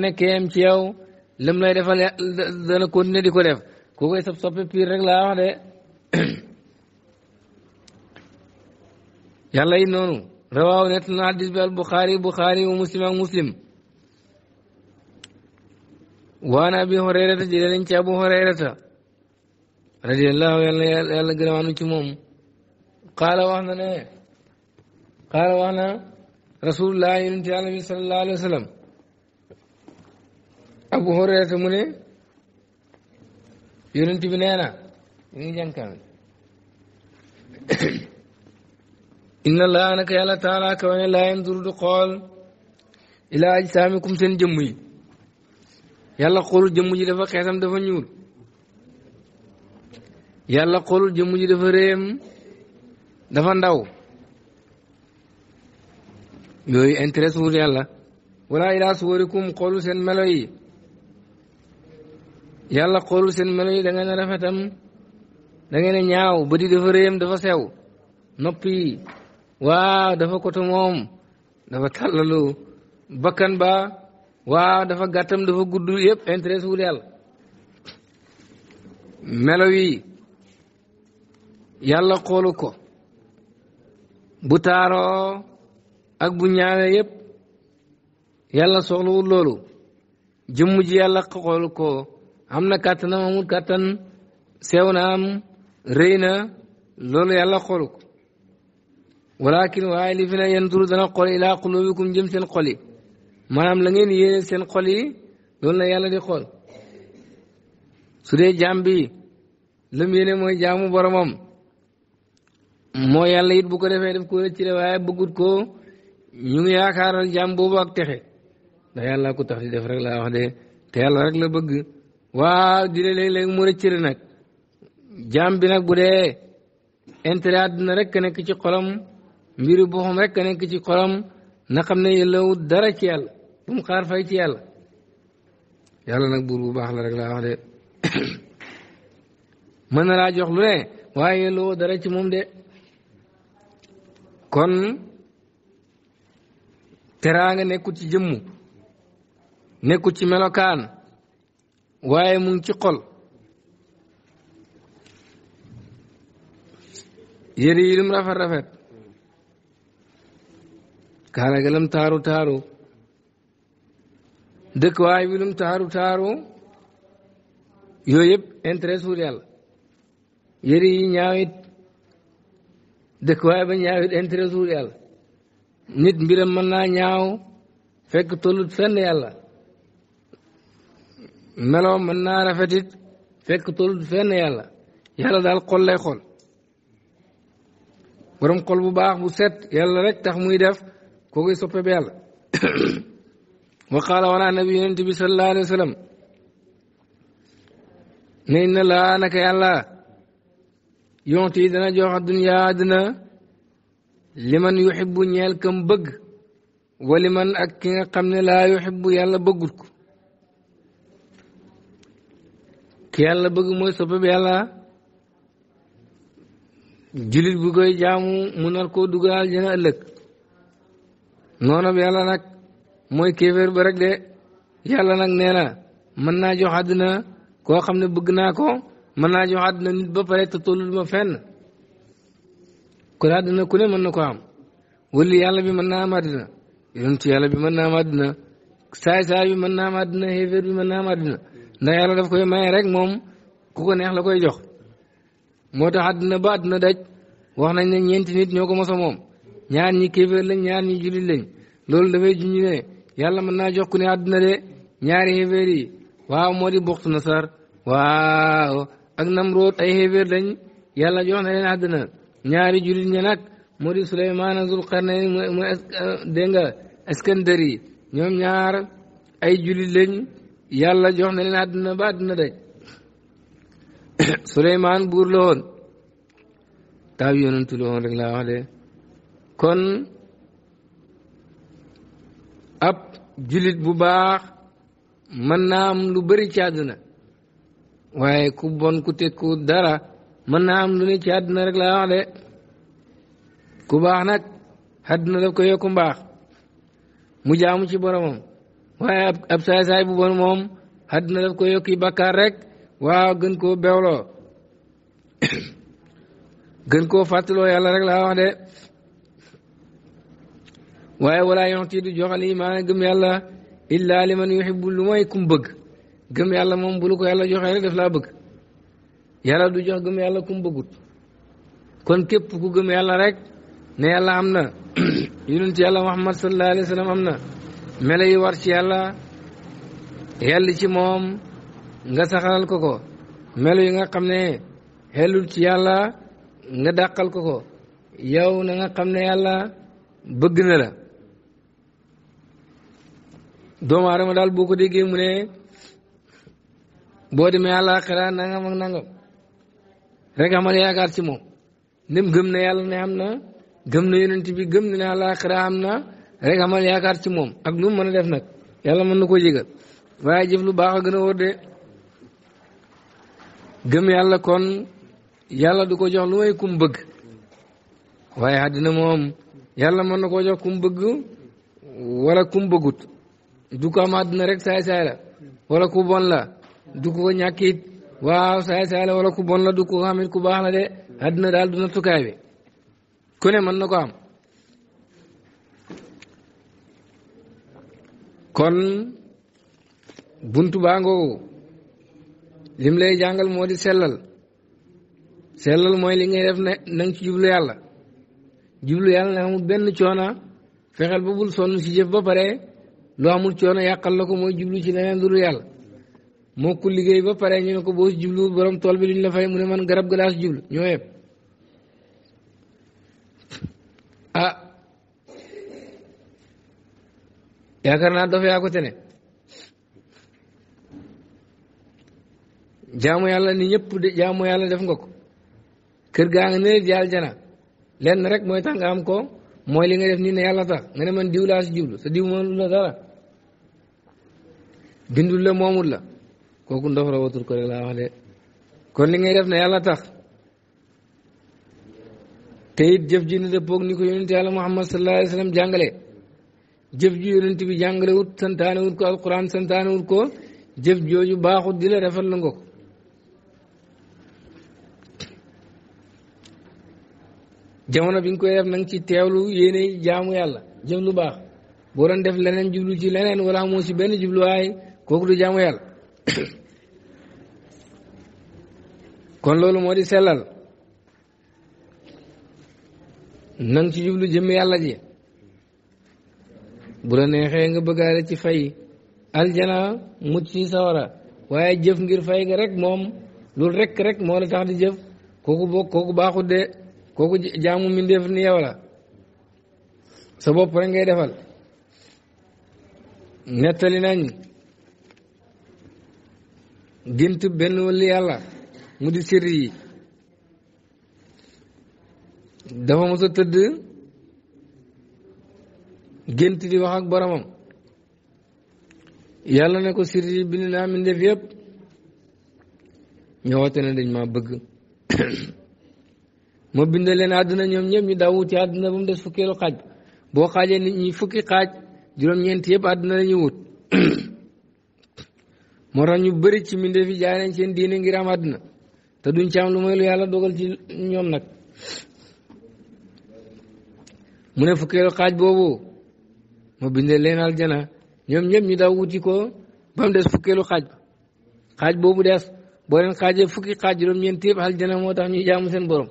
ci yow lëm lay defal dana continuer di ko def ku koy sab soppe piir rek laa wax de yàlla noonu rawaaw nett na hadis bi al buxaari buxaari wa muslim ak muslim waan abi horeyrata jëlee ci abu horeyrata radiallahu yàlla yàlla gërëmaanu ci qaala wax na ne qaala wax na abu hurayrata mu ne yonent bi nee na ñu ngi jànkaan inna laa naka yàlla taala ka wane laa yanzuru du xool ilaa seen jëmm yi yàlla xoolul jëmm ji dafa xeesam dafa ñuul yàlla xoolul jëmm ji dafa réem dafa ndaw yooyu intéresse wul yàlla wala ilaa suwarikum xoolul seen melo yàlla xoolul seen melo yi da dangeen a rafetam ñaaw bët yi dafa réyam dafa sew nopp yi waaw dafa koto moom dafa tàllalu bakkan ba waaw dafa gàttam dafa gudd yëpp intéresse wul yàlla melo yi yàlla xoolu ko bu taaroo ak bu ñaawee yëpp yàlla soxlawul loolu jëmm yàlla xoolu ko am na kàttanam amul kàttan sew na am rëy na loolu yàlla xoolu ko waaye li fi ne yanduru dana xool ilaa qulubikum jëm seen xol yi maanaam la ngeen yéene seen xol yi loolu la yàlla di xool su dee jaam bi lam mooy jamu boromam moo yàlla yit bu ko defee def ko waaye bëggut ko ñu ngi yaakaaral jaam boobu ak texe ndax yàlla ko tax def rek laa wax de te yàlla rek la bëgg waa di léeg-léeg mu rëcc nag jaam bi nag bu dee intérêt rekk rek nekk ci xolam mbiru boppam rek nekk ci kolom na xam ne yellawut dara ci yàlla bu mu fay ci yàlla yàlla nag buur bu baax la rek laa wax de mën na laa jox lu ne waaye yellawoo dara ci moom de kon teraanga nekkut ci jëmm nekkut ci melokaan waaye mu ci xol yére yi lum rafet rafet kaala ga taaru taaru dëkk waaye bi taaru taaru yooyu yëpp intérêt suur yàlla yére yi ñaawit dëkk waaye ba ñaawit intérêt suur yàlla nit mbiram mën naa ñaaw fekk tollut fenn yàlla ملوم من نارا فتيت فك طول فين يلا يلا دال قل لا خل برم قل بباخ بسات يلا رك تخمي دف كوغي سوبي بيال وقال وانا نبي انتبه صلى الله عليه وسلم نين لا نك يلا يونتي دنا جوخ الدنيا دنا لمن يحب نيال كم بغ ولمن اك خمن لا يحب يلا بغركم ki yàlla bëgg mooy soppeb yàlla jullit bu koy jaamu mu nar koo aljana ëllëg noonam yàlla nag mooy kéeféer ba rek de yàlla nag nee na mën naa jox àddina koo xam ne bëgg naa ko mën naa jox àddina nit ba pare te ma fenn ku ne mën na ko am wëli yàlla bi mën am àddina yonentu yàlla bi mën am àddina saay saay bi mën am àddina xéeféer bi mën am àddina ndax yàlla def koy maye rek moom ku ko neex la koy jox moo tax àdduna ba àdduna daj wax nañ ne ñeenti nit ñoo ko mos moom ñaar ñi kéeféer lañ ñaar ñi jullit lañ loolu dafay junj yàlla mën naa jox ku ne àdduna de ñaari xéeféer yi waaw moo di buxtu na sar waaw ak namroot ay xéeféer lañ yàlla jox na leen àdduna ñaari jullit ña nag moo di Suleymaan ak Zulqarnayn mu euh, dégg Iskandari ñoom ñaar ay jullit lañ yàlla jox na leen àddina ba àddina daj Suleymaan buur la woon taaw yonentu la wax de kon ab julit bu baax mën naa am lu bëri ci àddina waaye ku bon ku tekku dara mën naa am lu ne ci àddina rek laa wax de ku baax nag àddina daf ko yokku mbaax mu jaamu ci boromam waaye ab saay-saay bu bon moom àddina daf ko yokki bakkaar rek waa gën koo bewloo gën koo fàttaloo yàlla rek laa wax de waaye walaa yonti du jox al imaan gëm yàlla illa liman yuhibbu lu mooy kum gëm yàlla moom bu lu ko yàlla joxee rek laa bëgg yàlla du jox gëm yàlla kum bëggut kon képp ku gëm yàlla rek ne yàlla am na yonent yàlla Muhammad sallallahu alayhi wa sallam am na melo yi war ci yàlla xell ci moom nga saxalal ko ko melo yi nga xam ne xellul ci yàlla nga dàqal ko ko yow na nga xam ne yàlla bëgg na la doomu aadama daal boo ko déggee mu ne boo demee àllaaxira nangam ak nangam rek amal yaakaar ci moom ndem gëm na yàlla ne am na gëm na yonent bi gëm na ne àllaaxira am na rek amal yaakaar ci moom ak nu mën a def nag yàlla mën na koo jégal waaye jëf lu baax a gën a wóor de gëm yàlla kon yàlla du ko jox lu may kum bëgg waaye àddina moom yàlla mën na koo jox kum bëgg wala kum bëggut du ko am àddina rek saay saay la wala ku bon la du ko ñàkkit waaw saay saay la wala ku bon la du ko xamit ku baax la de àddina daal du nattukaay bi ku mën na ko am kon buntu baa ngoogu lim lay jàngal moo di sellal sellal mooy li ngay def ne na nga ci jublu yàlla jublu yàlla na amul benn coona fexeel ba bul sonn si jëf ba pare lu amul coono yàqal la ko mooy jublu ci leneen lu dul yàlla moo ko liggéey ba pare ñu ne ko boo jublu borom tool bi duñ la fay mu ne man garab galaas jublu ñoo yëpp ah yaakaar naa dof yaa ko tene jaamu yàlla ni ñëpp de jaamu yàlla def nga ko kër gaa nga ne jaal jana lenn rek mooy tax nga am ko mooy li nga def nii ne yàlla tax nga ne man diw laa sa diw moom la dara bindul la moomul la kooku ndof la ko rek laa wax de kon li ngay def ne yàlla tax te it jëf ji ne dëppoog ni ko yonent yàlla Muhammad sallallahu alayhi jàngale jëf ju yonent bi jàngalewut santaanewut ko alquran santaanewut ko jëf jooju baaxut di la rafet la nga ko jamono bi nga koy def na nga ci teewlu yéene jaamu yàlla jëf lu baax boo doon def leneen jublu ci leneen wala amoo si benn jubluwaay kooku du jaamu yàlla kon loolu moo di sellal na ci jublu jëmm yàlla ji bu la neexee nga bëggaale ci fay aljana mucc ci sawara waaye jëf ngir fay nga rek moom loolu rek rek moo la tax di jëf kooku boo kooku baaxut jaamu mbindeef ni yow la sa bopp rek ngay defal nettali nañ gént benn wali yàlla mu di sirri yi dafa mos tëdd gént di wax ak boromam yàlla ne ko sirri yi bind naa mbindeef yëpp ñëwate ne dañ maa bëgg ma bind leen àdduna ñoom ñëpp ñu daw wuti àdduna ba mu des fukkeelu xaaj boo xaajee nit ñi fukki xaaj juróom-ñeent yëpp àdduna la ñuy wut moo ñu bëri ci mbindeef yi jaay nañ seen diine ngir am te duñ ci am lu may lu yàlla dogal ci ñoom nag mu ne fukkeelu xaaj boobu mu bindee leen aljana ñoom ñëpp ñu daw wuti ko ba mu des fukkeelu xaaj xaaj boobu des boo leen xaajee fukki xaaj juróom-ñeent yëpp aljana moo tax ñuy jaamu seen borom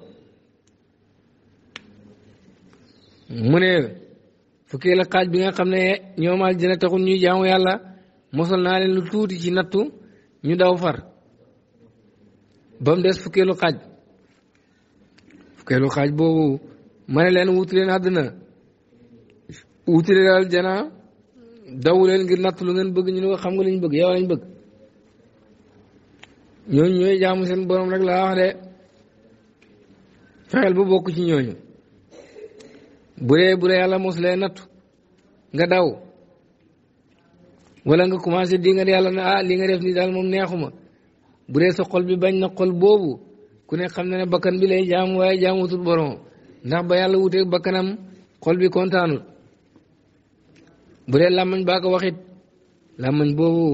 ne fukkee xaaj bi nga xam ne ñoom aljana taxul ñuy jaamu yàlla mosal naa leen lu tuuti ci nattu ñu daw far ba mu des fukkeelu xaaj fukkeelu xaaj boobu ma ne leen wuti leen àdduna wutile daal janaa daw leen ngir natt lu ngeen bëgg ñu ne xam nga liñ bëgg yow lañ bëgg ñooñu ñooy jaamu seen borom rek laa wax de fexeel bu bokk ci ñooñu bu dee bu dee yàlla mos lee nattu nga daw wala nga commencé di nga yàlla ne ah li nga def nii daal moom neexuma bu dee sa xol bi bañ na xol boobu ku ne xam na ne bakkan bi lay jaamu waaye jaamutul borom ndax ba yàlla wuteeg bakkanam xol bi kontaanul bu dee làmmañ baa ko waxit làmmañ boobu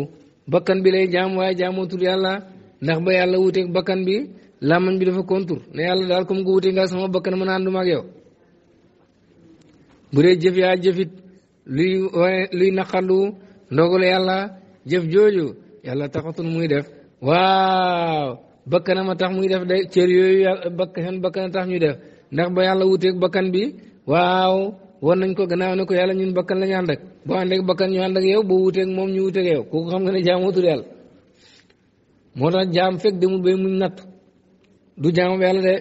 bakkan bi lay jaam waaye jaamootul yàlla ndax ba yàlla wuteeg bakkan bi làmmañ bi dafa kontur ne yàlla daal comme nga wutee ngaa sama bakkan mën a ànduma ak yow bu dee jëf yaa jëfit luy luy naqarlu yàlla jëf jooju yàlla taxatul muy def waaw bakkanam a tax muy def day yooyu bakkan a tax ñuy def ndax ba yàlla wuteeg bakkan bi waaw war nañ ko gannaaw ne ko yàlla ñun bakkan lañu ànd ak boo ànd bakkan ñu ànd ak yow boo wuteeg moom ñu wuteeg yow kooku xam nga ne jaamootul yàlla moo tax jaam fekk demul bay muñ natt du jaamam yàlla de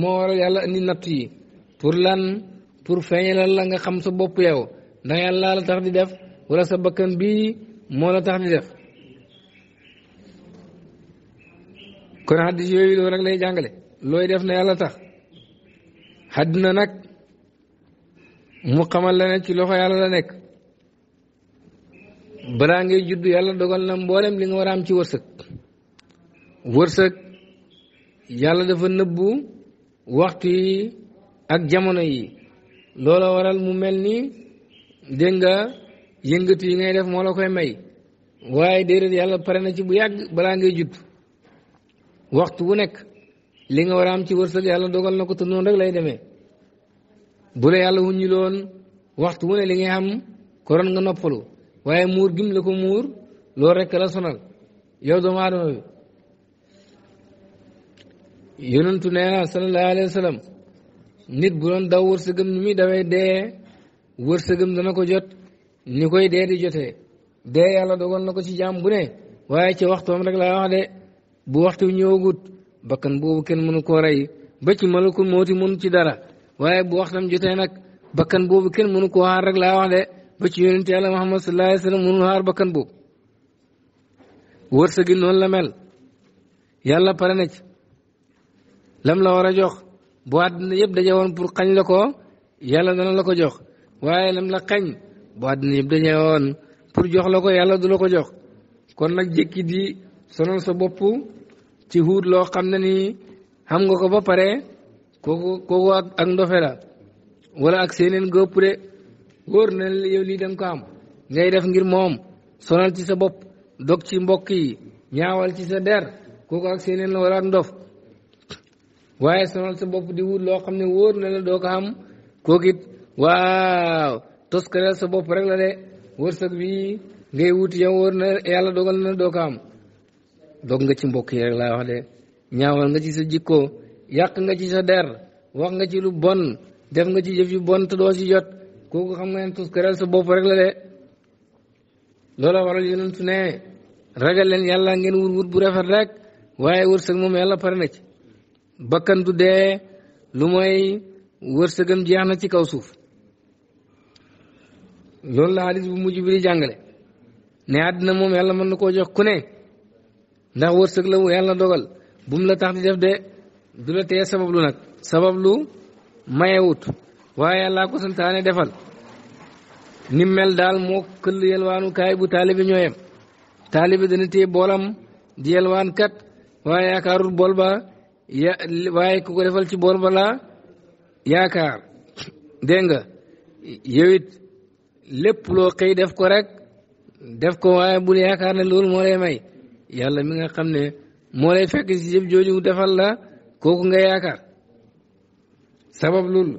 moo yàlla indi natt yi pour lan pour feeñalal la nga xam sa bopp yow ndax yàlla la tax di def wala sa bakkan bii moo la tax di def kon xaddis yooyu loolu rek lay jàngale looy def na yàlla tax xaddina nag mu xamal la ne ci loxo yàlla la nekk balaa ngay juddu yàlla dogal na mboolem li nga war am ci wërsëg wërsëg yàlla dafa nëbbu waxtu yi ak jamono yi loola waral mu mel ni dégg nga yëngatu yi ngay def moo la koy may waaye déedéet yàlla pare na ci bu yàgg balaa ngay judd waxtu bu nekk li nga war a am ci wërsëg yàlla dogal na ko te noonu rek lay demee. bu la yàlla ñu loon waxtu wu ne li ngay am koroon nga noppalu waaye muur gim la ko muur loolu rekk la sonal yow doomu aadama bi yonentu nee na sallallahu alayhi wa nit bu doon daw wërsëgëm ni muy dawee dee wërsëgëm dana ko jot ni koy dee di jotee dee yàlla dogal na ko ci jaam bu ne waaye ci waxtoom rek laa wax de bu waxtu ñëwagut bakkan boobu kenn mënu koo rey ba ci moo mooti mënu ci dara waaye bu waxtam jotee nag bakkan boobu kenn mënu ko xaar rek laa wax de ba ci yonente yàlla Muhammad sallallahu alayhi la mel yàlla pare na ci lam la war a jox yëpp daje woon pour xañ la ko yàlla dana la ko jox waaye lam la xañ yëpp daje pour jox la ko yàlla du ko jox kon nag jékki sa bopp ci loo xam ne nii xam nga ko ba pare kooku kooku ak ak la wala ak seeneen gëpp de wóor na yow li da nga ko am ngay def ngir moom sonal ci sa bopp dog ci mbokk yi ñaawal ci sa der kooku ak seeneen la wala ak ndof waaye sonal sa bopp di wut loo xam ne wóor na la doo ko am kooku it waaw toskareel sa bopp rek la de wërsëg bi ngay wut yow wóor na yàlla dogal na doo ko am dog nga ci mbokk yi rek laa wax de ñaawal nga ci sa jikkoo yàq nga ci sa der wax nga ci lu bon def nga ci jëf yu bon doo ci jot kooku xam nga ne tuskareel sa bopp rek la de loola waral yonentu ne ragal leen yàlla ngeen wut wut bu rafet rek waaye wërsëg moom yàlla pare na ci bakkan du dee lu mooy wërsëgam jeex na ci kaw suuf loolu la hadis bu mujj bi di jàngale ne àddina moom yàlla mën na koo jox ku ne ndax wërsëg la yàlla dogal bu la tax def de du la tee sabablu nag sabablu mayewut waaye yàllaa ko santaane defal ni mel daal moo këll yelwaanu kaay bu taalibi ñoo yem taalibi dana téye boolam di yelwaan kat waaye yaakaarul bool ba waaye ku ko defal ci bool ba la yaakaar dégg nga yow lépp loo xëy def ko rek def ko waaye bul yaakaar ne loolu moo lay may yàlla mi nga xam ne moo lay fekk si jëf defal la kooku nga yaakaar sabab lul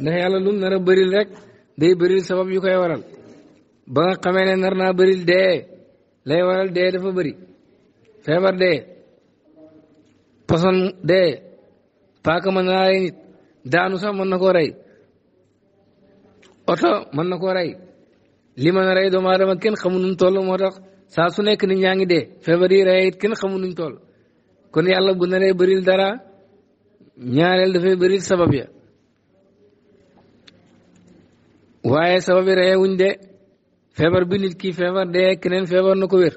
ndax yàlla lum nar a bëril rek day bëril sabab yu koy waral ba nga xamee ne nar naa bëril dee lay waral dee dafa bari feebar dee poson dee paaka mën na rey nit daanu sax mën na koo rey oto mën na koo rey li mën a rey doomu aadama kenn xamu nu mu moo tax saa su nekk nit ñaa ngi dee feebar yi rey it kenn xamu nu mu kon yàlla bu naree bëril dara ñaareel dafay bëri sabab ya waaye sabab yi reye wuñ de feebar bi nit ki feebar dee keneen feebar na ko wér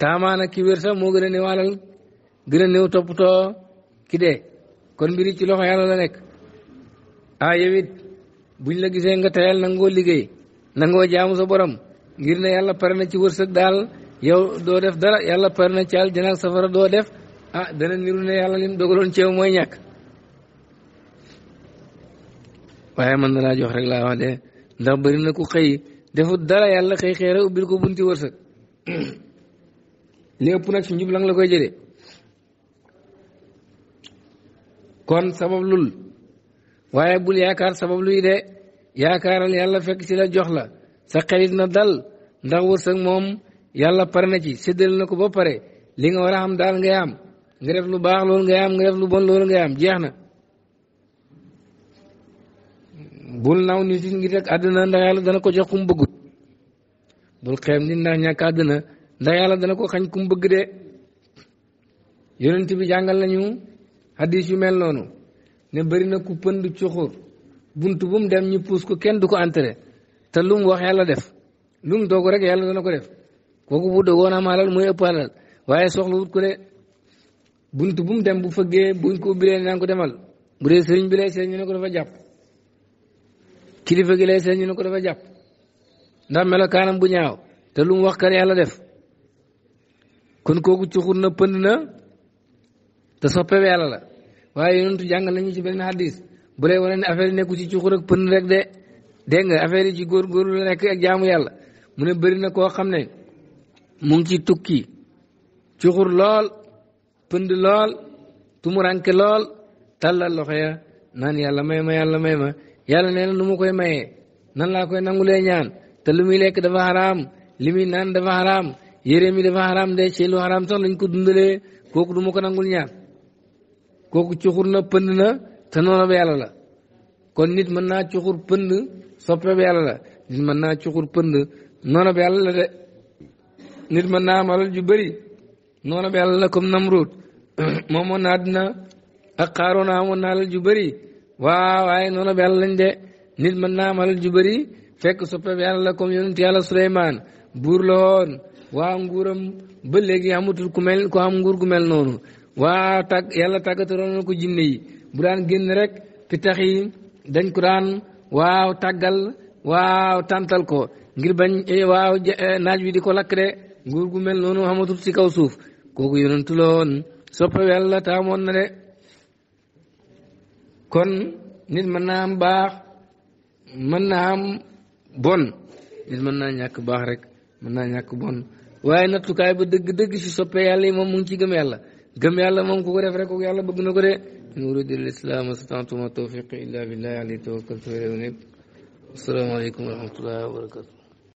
taamaana ki wér sax moo gën a néewalal gën a néew toppatoo ki dee kon mbiri ci loxo yàlla la nekk ah yow buñ la gisee nga tayal nangoo liggéey nangoo jaamu sa borom ngir ne yàlla pare na ci wërsëg daal yow doo def dara yàlla pare na ci aljana safara doo def ah dana niru ne yàlla lim dogaloon ceew mooy ñàkk waaye man danaa jox rek laa wax de ndax bëri na ku xëy defut dara yàlla xëy xëy rek ubbil ko bunti wërsëg li ëpp nag ci njub la la koy jëlee kon sabab lul waaye bul yaakaar sabab luy de yaakaaral yàlla fekk ci la jox la sa xelit na dal ndax wërsëg moom yàlla pare na ci séddale na ko ba pare li nga war a am daal ngay am nga def lu baax loolu ngay am nga def lu bon loolu ngay am jeex na bul naw nit ñi ngi teg àddina ndax yàlla dana ko jox ku mu bëggut bul xeeb nit ndax yàlla dana ko xañ ku bëgg de yonent bi jàngal nañu hadis yu mel noonu ne bëri na ku pënd bunt bu mu dem ñu puus ko kenn du ko entré te lu mu wax yàlla def lu mu rek yàlla dana ko def kooku bu doogoon alal muy ëpp alal waaye soxla wut ko de buntu bu mu dem bu fëggee buñ ko bilé naan ko demal bu dé sëriñ bi lay sëriñ ñu ko dafa japp kilifa gi lay sëriñ ñu ko dafa ndam mel kanam bu ñaaw té lu mu wax kan yalla def ci xur na pënd na yalla la waye ñuntu jang nañu ci hadis bu lay wone affaire neeku ci ci xur ak pënd rek de dé nga affaire ci gor gor lu nekk ak jaamu yalla mu ne bari na ko xam mu ngi ci tukki lool. pënd lool tumuranke lool tàllal loxo ya naan yàlla may ma yàlla may ma yàlla nee na nu mu koy mayee nan laa koy nangule ñaan te lu muy lekk dafa xaraam li muy naan dafa xaraam yére mi dafa xaraam de ci lu xaraam sax lañ ko dundalee kooku du ma ko nangul ñaan kooku cuxur na pënd na te noona ba yàlla la kon nit mën naa cuxur pënd soppe ba yàlla la nit mën naa cuxur pënd noona ba yàlla la de nit mën naa am ju bëri noonu bi yàlla la comme Namrud moomoon na ak Xaaroon amoon na alal ju bëri waaw waaye noonu bi yàlla de nit mën naa alal ju bëri fekk soppe bi yàlla la comme yonent Suleymaan buur la woon waaw nguuram ba léegi amatul ku mel ku am nguur gu mel noonu waaw tàgg yàlla tàggatoroon na ko jinne yi bu daan génn rek pitax yi dañ ko daan waaw tàggal waaw tàntal ko ngir bañ eh, waaw eh, naaj wi ko lakk de nguur gu mel noonu amatul ci kaw suuf kooku yonentu la woon soppeeku yàlla taamoon na de kon nit mën naa am baax mën naa am bon nit mën naa ñàkk baax rek mën naa ñàkk bon waaye nattukaay ba dëgg-dëgg si soppe yàlla yi moom mu ngi ci gëm yàlla gëm yàlla moom ku ko def rek kooku yàlla bëgg na ko de in uridu al islam mastata'tu ma tawfiqi illa billahi alayhi tawakkaltu wa ilayhi wa rahmatullahi